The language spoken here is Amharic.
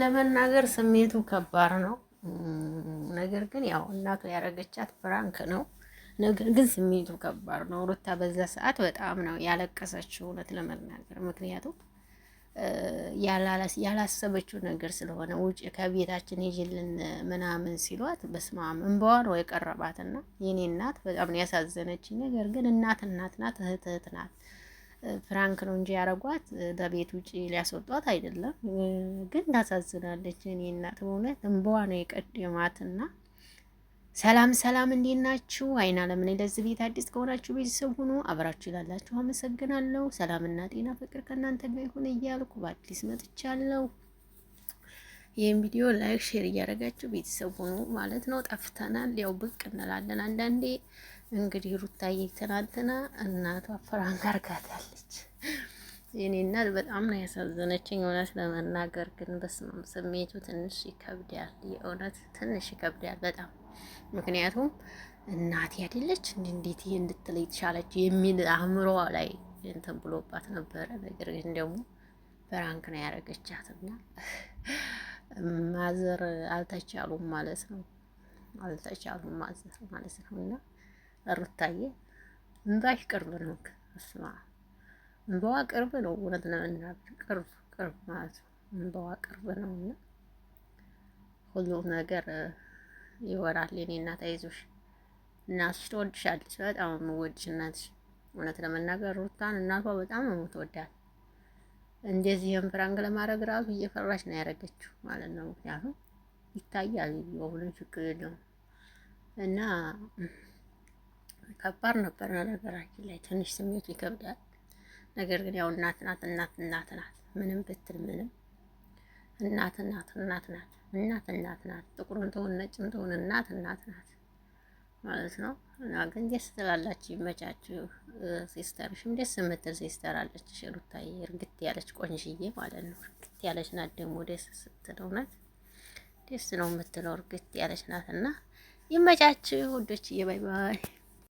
ለመናገር ስሜቱ ከባድ ነው። ነገር ግን ያው እናቱ ያደረገቻት ፍራንክ ነው። ነገር ግን ስሜቱ ከባድ ነው። ሩታ በዛ ሰዓት በጣም ነው ያለቀሰችው፣ እውነት ለመናገር ምክንያቱም ያላሰበችው ነገር ስለሆነ ውጭ ከቤታችን ይዤልን ምናምን ሲሏት በስማም እንባዋን ወይ ቀረባትና የኔ እናት በጣም ነው ያሳዘነችኝ። ነገር ግን እናት እናት ናት፣ እህት እህት ናት። ፍራንክ ነው እንጂ ያረጓት በቤት ውጭ ሊያስወጧት አይደለም። ግን ታሳዝናለች። እኔ እናት በእውነት እንበዋ ነው የቀደማትና ሰላም ሰላም፣ እንዴት ናችሁ? አይና ለምን ለዚህ ቤት አዲስ ከሆናችሁ ቤተሰብ ሁኑ። አብራችሁ ላላችሁ አመሰግናለሁ። ሰላምና ጤና ፍቅር ከእናንተ ጋር ይሁን እያልኩ በአዲስ መጥቻለሁ። ይህን ቪዲዮ ላይክ፣ ሼር እያደረጋችሁ ቤተሰብ ሆኑ ማለት ነው። ጠፍተናል፣ ያው ብቅ እንላለን አንዳንዴ። እንግዲህ ሩታዬ ትናንትና እናቷ ፍራን አርጋታለች። የኔ እናት በጣም ነው ያሳዘነችኝ እውነት ለመናገር ግን፣ በስመ ስሜቱ ትንሽ ይከብዳል። የእውነት ትንሽ ይከብዳል በጣም ምክንያቱም እናቴ አይደለች እንዴት ይሄ እንድትል የተሻለች የሚል አእምሮ ላይ እንትን ብሎባት ነበረ። ነገር ግን ደግሞ በራንክ ነው ያደረገቻትና ማዘር አልተቻሉም ማለት ነው። አልተቻሉም ማዘር ማለት ነው። እና ሩታዬ እንባሽ ቅርብ ነው። እስማ እንባዋ ቅርብ ነው። እውነት ለመናገር ቅርብ ቅርብ ማለት ነው። እንባዋ ቅርብ ነው እና ሁሉም ነገር ይወራል። የኔ እናት አይዞሽ፣ እናትሽ ትወድሻለች። በጣም የምወድሽ እናትሽ እውነት ለመናገር ሩታን እናቷ በጣም ነው የምትወዳት እንዴዚህ ፕራንክ ለማድረግ ራሱ እየፈራች ነው ያደረገችው ማለት ነው። ምክንያቱም ይታያል ሁሉም ችግር የለውም እና ከባድ ነበር ነገራችን ላይ ትንሽ ስሜት ይከብዳል። ነገር ግን ያው እናት ናት እናት እናት ናት ምንም ብትል ምንም እናት እናት እናት ናት እናት እናት ናት ጥቁርም ትሁን ነጭም ትሁን እናት እናት ናት። ማለት ነው። እና ግን ደስ ትላላችሁ፣ ይመቻችሁ። ሲስተርሽም ደስ የምትል ሲስተር አለች ሩታዬ፣ እርግት ያለች ቆንጅዬ ማለት ነው። እርግት ያለች ናት ደግሞ ደስ ስትል እውነት ደስ ነው የምትለው። እርግት ያለች ናት እና ይመቻችሁ ውዶችዬ፣ ባይ ባይ።